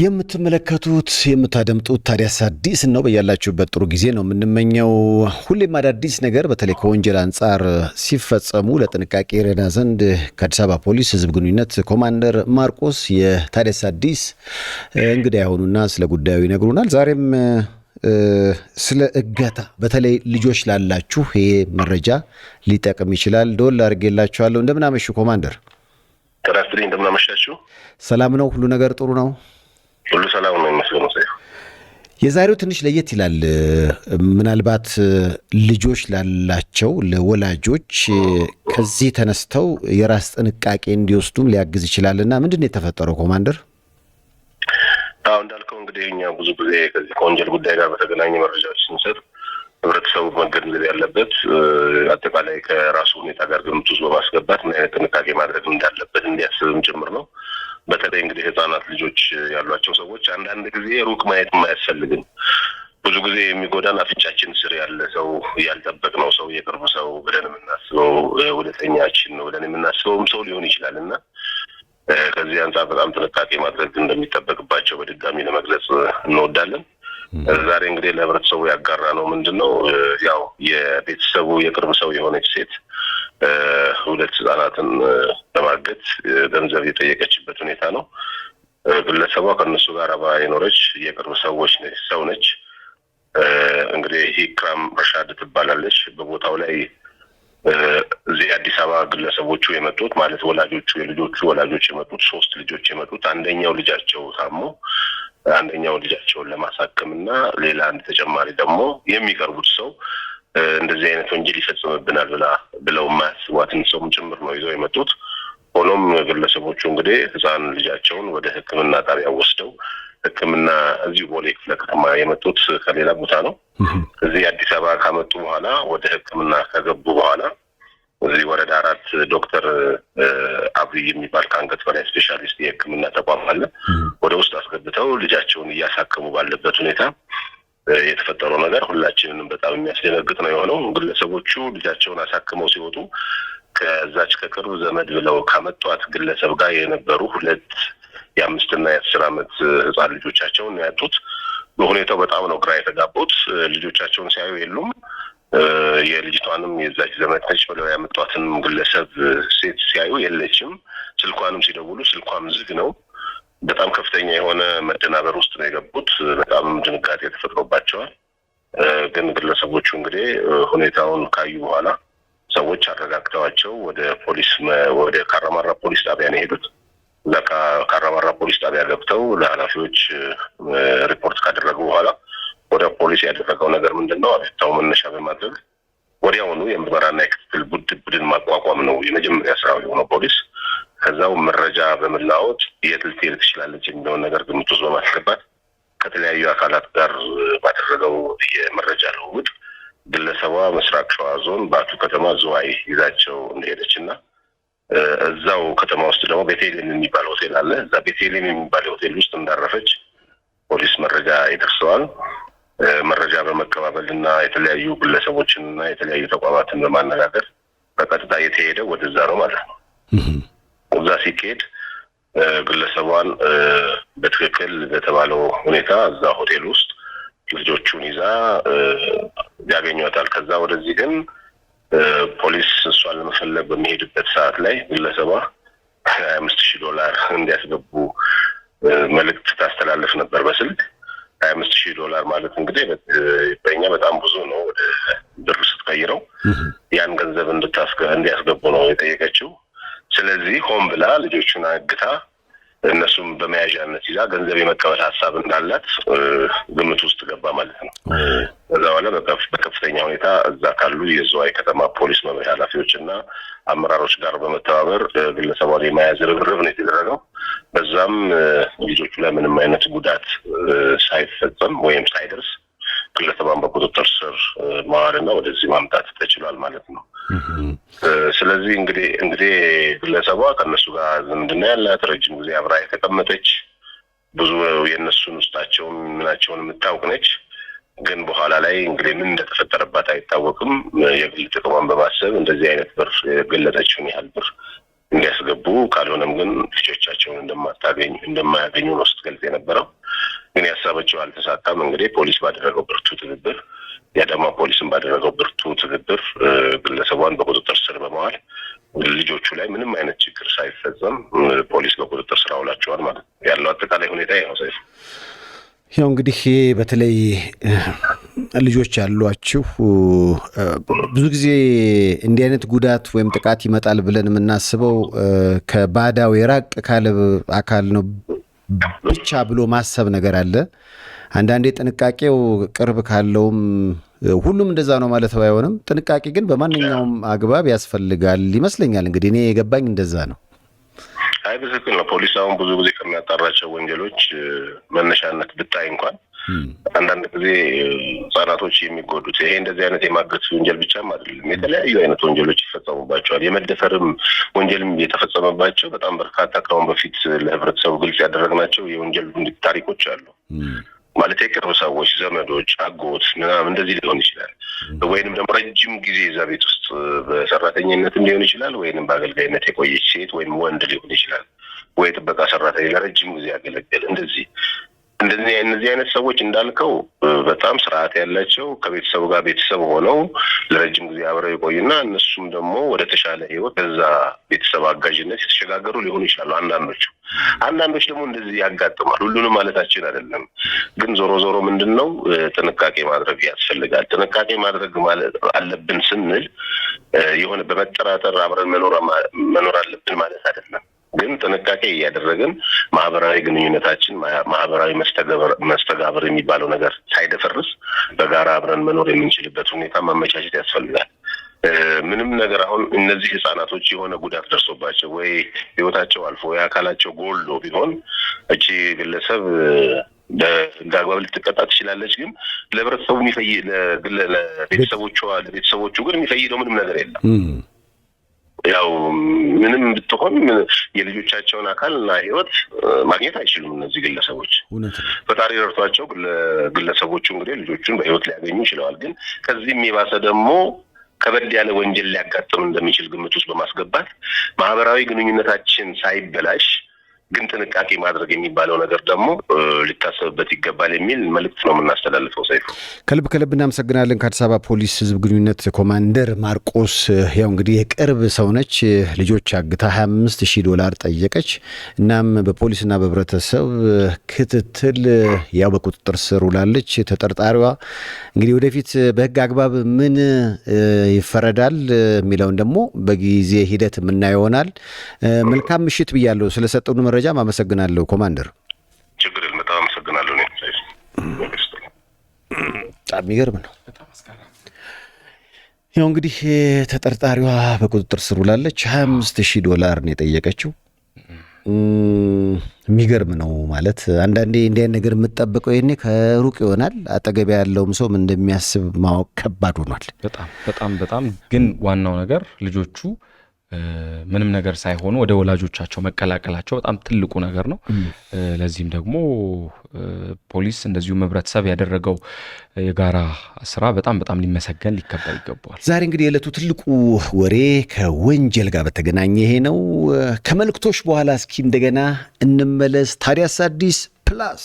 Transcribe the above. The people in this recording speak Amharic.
የምትመለከቱት የምታደምጡት ታዲያስ አዲስ ነው። በያላችሁበት ጥሩ ጊዜ ነው የምንመኘው። ሁሌም አዳዲስ ነገር በተለይ ከወንጀል አንጻር ሲፈጸሙ ለጥንቃቄ ረዳ ዘንድ ከአዲስ አበባ ፖሊስ ሕዝብ ግንኙነት ኮማንደር ማርቆስ የታዲያስ አዲስ እንግዳ የሆኑና ስለ ጉዳዩ ይነግሩናል። ዛሬም ስለ እገታ በተለይ ልጆች ላላችሁ ይሄ መረጃ ሊጠቅም ይችላል። ዶል አድርጌላችኋለሁ። እንደምናመሹ ኮማንደር። ጥራስትሪ እንደምናመሻችሁ። ሰላም ነው? ሁሉ ነገር ጥሩ ነው? ሁሉ ሰላም ነው የሚመስለው መጽሐፍ የዛሬው ትንሽ ለየት ይላል። ምናልባት ልጆች ላላቸው ለወላጆች ከዚህ ተነስተው የራስ ጥንቃቄ እንዲወስዱም ሊያግዝ ይችላል እና ምንድን ነው የተፈጠረው ኮማንደር? አዎ እንዳልከው እንግዲህ እኛ ብዙ ጊዜ ከዚህ ከወንጀል ጉዳይ ጋር በተገናኘ መረጃዎች ስንሰጥ ህብረተሰቡ መገንዘብ ያለበት አጠቃላይ ከራሱ ሁኔታ ጋር ግምት ውስጥ በማስገባት ምን አይነት ጥንቃቄ ማድረግ እንዳለበት እንዲያስብም ጭምር ነው። በተለይ እንግዲህ ህጻናት ልጆች ያሏቸው ሰዎች አንዳንድ ጊዜ ሩቅ ማየት አያስፈልግም። ብዙ ጊዜ የሚጎዳን አፍንጫችን ስር ያለ ሰው፣ ያልጠበቅነው ሰው፣ የቅርብ ሰው ብለን የምናስበው ወደተኛችን ነው ብለን የምናስበውም ሰው ሊሆን ይችላል እና ከዚህ አንጻር በጣም ጥንቃቄ ማድረግ እንደሚጠበቅባቸው በድጋሚ ለመግለጽ እንወዳለን። ዛሬ እንግዲህ ለህብረተሰቡ ያጋራ ነው ምንድን ነው ያው የቤተሰቡ የቅርብ ሰው የሆነች ሴት ሁለት ህጻናትን ለማገት ገንዘብ የጠየቀችበት ሁኔታ ነው። ግለሰቧ ከእነሱ ጋር አብራ የኖረች የቅርብ ሰዎች ሰው ነች። እንግዲህ ኢክራም ረሻድ ትባላለች። በቦታው ላይ እዚህ አዲስ አበባ ግለሰቦቹ የመጡት ማለት ወላጆቹ የልጆቹ ወላጆች የመጡት ሶስት ልጆች የመጡት አንደኛው ልጃቸው ታሞ አንደኛው ልጃቸውን ለማሳከም እና ሌላ አንድ ተጨማሪ ደግሞ የሚቀርቡት ሰው እንደዚህ አይነት ወንጀል ይፈጽምብናል ብላ ብለው ማያስቧትን ሰውም ጭምር ነው ይዘው የመጡት። ሆኖም ግለሰቦቹ እንግዲህ ህፃን ልጃቸውን ወደ ሕክምና ጣቢያ ወስደው ሕክምና እዚሁ ቦሌ ክፍለ ከተማ የመጡት ከሌላ ቦታ ነው። እዚህ አዲስ አበባ ካመጡ በኋላ ወደ ሕክምና ከገቡ በኋላ እዚህ ወረዳ አራት ዶክተር አብይ የሚባል ከአንገት በላይ ስፔሻሊስት የሕክምና ተቋም አለ። ወደ ውስጥ አስገብተው ልጃቸውን እያሳከሙ ባለበት ሁኔታ የተፈጠረው ነገር ሁላችንንም በጣም የሚያስደነግጥ ነው የሆነው። ግለሰቦቹ ልጃቸውን አሳክመው ሲወጡ ከዛች ከቅርብ ዘመድ ብለው ከመጧት ግለሰብ ጋር የነበሩ ሁለት የአምስትና የአስር ዓመት ህፃን ልጆቻቸውን ያጡት በሁኔታው በጣም ነው ግራ የተጋቡት። ልጆቻቸውን ሲያዩ የሉም የልጅቷንም የዛች ዘመድ ነች ብለው ያመጧትንም ግለሰብ ሴት ሲያዩ የለችም። ስልኳንም ሲደውሉ ስልኳም ዝግ ነው። በጣም ከፍተኛ የሆነ መደናበር ውስጥ ነው የገቡት። በጣም ድንጋጤ ተፈጥሮባቸዋል። ግን ግለሰቦቹ እንግዲህ ሁኔታውን ካዩ በኋላ ሰዎች አረጋግተዋቸው ወደ ፖሊስ ወደ ካራማራ ፖሊስ ጣቢያ ነው የሄዱት። እዛ ካራማራ ፖሊስ ጣቢያ ገብተው ለኃላፊዎች ሪፖርት ካደረጉ በኋላ ወደ ፖሊስ ያደረገው ነገር ምንድን ነው? አቤቱታው መነሻ በማድረግ ወዲያውኑ የምርመራና የክትትል ቡድን ማቋቋም ነው የመጀመሪያ ስራው የሆነው ፖሊስ ከዛው መረጃ በመለዋወጥ የት ልትሄድ ትችላለች የሚለውን ነገር ግምት ውስጥ በማስገባት ከተለያዩ አካላት ጋር ባደረገው የመረጃ ልውውጥ ግለሰቧ ምስራቅ ሸዋ ዞን ባቱ ከተማ ዝዋይ ይዛቸው እንደሄደች እና እዛው ከተማ ውስጥ ደግሞ ቤቴሌም የሚባል ሆቴል አለ። እዛ ቤቴሌም የሚባል ሆቴል ውስጥ እንዳረፈች ፖሊስ መረጃ ይደርሰዋል። መረጃ በመቀባበል እና የተለያዩ ግለሰቦችን እና የተለያዩ ተቋማትን በማነጋገር በቀጥታ የተሄደ ወደዛ ነው ማለት ነው። እዛ ሲካሄድ ግለሰቧን በትክክል በተባለው ሁኔታ እዛ ሆቴል ውስጥ ልጆቹን ይዛ ያገኟታል። ከዛ ወደዚህ ግን ፖሊስ እሷን ለመፈለግ በሚሄድበት ሰዓት ላይ ግለሰቧ ሀያ አምስት ሺህ ዶላር እንዲያስገቡ መልእክት ታስተላለፍ ነበር በስልክ ሀያ አምስት ሺህ ዶላር ማለት እንግዲህ በኛ በጣም ብዙ ነው። ወደ ብር ስትቀይረው ያን ገንዘብ እንዲያስገቡ ነው የጠየቀችው። ስለዚህ ሆን ብላ ልጆቹን አግታ እነሱም በመያዣነት ይዛ ገንዘብ የመቀበል ሀሳብ እንዳላት ግምት ውስጥ ገባ ማለት ነው። ከዛ በኋላ በከፍተኛ ሁኔታ እዛ ካሉ የዝዋይ ከተማ ፖሊስ መምሪያ ኃላፊዎች እና አመራሮች ጋር በመተባበር ግለሰቧን የመያዝ ርብርብ ነው የተደረገው። በዛም ልጆቹ ላይ ምንም አይነት ጉዳት ሳይፈጸም ወይም ሳይደርስ ግለሰቧን በቁጥጥር ስር ማዋልና ወደዚህ ማምጣት ተችሏል ማለት ነው። ስለዚህ እንግዲህ እንግዲህ ግለሰቧ ከእነሱ ጋር ዝምድና ያላት ረጅም ጊዜ አብራ የተቀመጠች ብዙ የእነሱን ውስጣቸውን ምናቸውን የምታውቅ ነች። ግን በኋላ ላይ እንግዲህ ምን እንደተፈጠረባት አይታወቅም። የግል ጥቅሟን በማሰብ እንደዚህ አይነት ብር የገለጠችውን ያህል ብር እንዲያስገቡ ካልሆነም ግን ልጆቻቸውን እንደማታገኙ እንደማያገኙ ነው ስትገልጽ የነበረው። ግን ያሳበችው አልተሳካም። እንግዲህ ፖሊስ ባደረገው ብርቱ ትብብር የአዳማ ፖሊስን ባደረገው ብርቱ ትብብር ግለሰቧን በቁጥጥር ስር በመዋል ልጆቹ ላይ ምንም አይነት ችግር ሳይፈጸም ፖሊስ በቁጥጥር ስር አውላቸዋል ማለት ነው። ያለው አጠቃላይ ሁኔታ ያው ሰይፍ ያው እንግዲህ በተለይ ልጆች ያሏችሁ ብዙ ጊዜ እንዲህ አይነት ጉዳት ወይም ጥቃት ይመጣል ብለን የምናስበው ከባዳው የራቅ ካለ አካል ነው ብቻ ብሎ ማሰብ ነገር አለ። አንዳንዴ ጥንቃቄው ቅርብ ካለውም ሁሉም እንደዛ ነው ማለት ባይሆንም ጥንቃቄ ግን በማንኛውም አግባብ ያስፈልጋል ይመስለኛል። እንግዲህ እኔ የገባኝ እንደዛ ነው። አይ ትክክል ነው። ፖሊስ አሁን ብዙ ጊዜ ከሚያጣራቸው ወንጀሎች መነሻነት ብታይ እንኳን አንዳንድ ጊዜ ህጻናቶች የሚጎዱት ይሄ እንደዚህ አይነት የማገት ወንጀል ብቻም አይደለም። የተለያዩ አይነት ወንጀሎች ይፈጸሙባቸዋል። የመደፈርም ወንጀልም የተፈጸመባቸው በጣም በርካታ ከአሁን በፊት ለህብረተሰቡ ግልጽ ያደረግናቸው የወንጀል ታሪኮች አሉ። ማለት የቅርብ ሰዎች፣ ዘመዶች፣ አጎት ምናምን እንደዚህ ሊሆን ይችላል። ወይንም ደግሞ ረጅም ጊዜ እዛ ቤት ውስጥ በሰራተኝነትም ሊሆን ይችላል። ወይንም በአገልጋይነት የቆየች ሴት ወይም ወንድ ሊሆን ይችላል። ወይ ጥበቃ ሰራተኛ ለረጅም ጊዜ ያገለገል እንደዚህ እንደዚህ እነዚህ አይነት ሰዎች እንዳልከው በጣም ስርዓት ያላቸው ከቤተሰቡ ጋር ቤተሰብ ሆነው ለረጅም ጊዜ አብረው የቆዩና እነሱም ደግሞ ወደ ተሻለ ህይወት ከዛ ቤተሰብ አጋዥነት የተሸጋገሩ ሊሆኑ ይችላሉ። አንዳንዶቹ አንዳንዶች ደግሞ እንደዚህ ያጋጥማል። ሁሉንም ማለታችን አይደለም፣ ግን ዞሮ ዞሮ ምንድን ነው ጥንቃቄ ማድረግ ያስፈልጋል። ጥንቃቄ ማድረግ ማለት አለብን ስንል የሆነ በመጠራጠር አብረን መኖር አለብን ማለት አይደለም። ግን ጥንቃቄ እያደረግን ማህበራዊ ግንኙነታችን ማህበራዊ መስተጋብር የሚባለው ነገር ሳይደፈርስ በጋራ አብረን መኖር የምንችልበት ሁኔታ ማመቻቸት ያስፈልጋል። ምንም ነገር አሁን እነዚህ ህጻናቶች የሆነ ጉዳት ደርሶባቸው ወይ ህይወታቸው አልፎ ወይ አካላቸው ቢሆን እቺ ግለሰብ በህግ አግባብ ልትቀጣ ትችላለች። ግን ለህብረተሰቡ ለቤተሰቦቿ ለቤተሰቦቹ ግን የሚፈይደው ምንም ነገር የለም። ያው ምንም ብትሆን የልጆቻቸውን አካልና ህይወት ማግኘት አይችሉም። እነዚህ ግለሰቦች ፈጣሪ ረድቷቸው ግለሰቦቹ እንግዲህ ልጆቹን በህይወት ሊያገኙ ይችለዋል። ግን ከዚህም የባሰ ደግሞ ከበድ ያለ ወንጀል ሊያጋጥም እንደሚችል ግምት ውስጥ በማስገባት ማህበራዊ ግንኙነታችን ሳይበላሽ ግን ጥንቃቄ ማድረግ የሚባለው ነገር ደግሞ ሊታሰብበት ይገባል የሚል መልእክት ነው የምናስተላልፈው። ሰይፉ ከልብ ከልብ እናመሰግናለን። ከአዲስ አበባ ፖሊስ ህዝብ ግንኙነት ኮማንደር ማርቆስ፣ ያው እንግዲህ የቅርብ ሰው ነች። ልጆች አግታ 25 ሺህ ዶላር ጠየቀች። እናም በፖሊስና በህብረተሰብ ክትትል ያው በቁጥጥር ስር ውላለች። ተጠርጣሪዋ እንግዲህ ወደፊት በህግ አግባብ ምን ይፈረዳል የሚለውን ደግሞ በጊዜ ሂደት የምናየው ይሆናል። መልካም ምሽት ብያለሁ ስለሰጠውን መረጃም አመሰግናለሁ ኮማንደር። ችግር የለም። በጣም አመሰግናለሁ። በጣም የሚገርም ነው። ያው እንግዲህ ተጠርጣሪዋ በቁጥጥር ስር ውላለች። 25 ሺህ ዶላር ነው የጠየቀችው። የሚገርም ነው ማለት አንዳንዴ እንዲህ ነገር የምጠብቀው ይኔ ከሩቅ ይሆናል። አጠገቢያ ያለውም ሰው እንደሚያስብ ማወቅ ከባድ ሆኗል። በጣም በጣም በጣም ግን ዋናው ነገር ልጆቹ ምንም ነገር ሳይሆኑ ወደ ወላጆቻቸው መቀላቀላቸው በጣም ትልቁ ነገር ነው። ለዚህም ደግሞ ፖሊስ እንደዚሁም ህብረተሰብ ያደረገው የጋራ ስራ በጣም በጣም ሊመሰገን ሊከበር ይገባዋል። ዛሬ እንግዲህ የዕለቱ ትልቁ ወሬ ከወንጀል ጋር በተገናኘ ይሄ ነው። ከመልእክቶች በኋላ እስኪ እንደገና እንመለስ። ታዲያስ አዲስ ፕላስ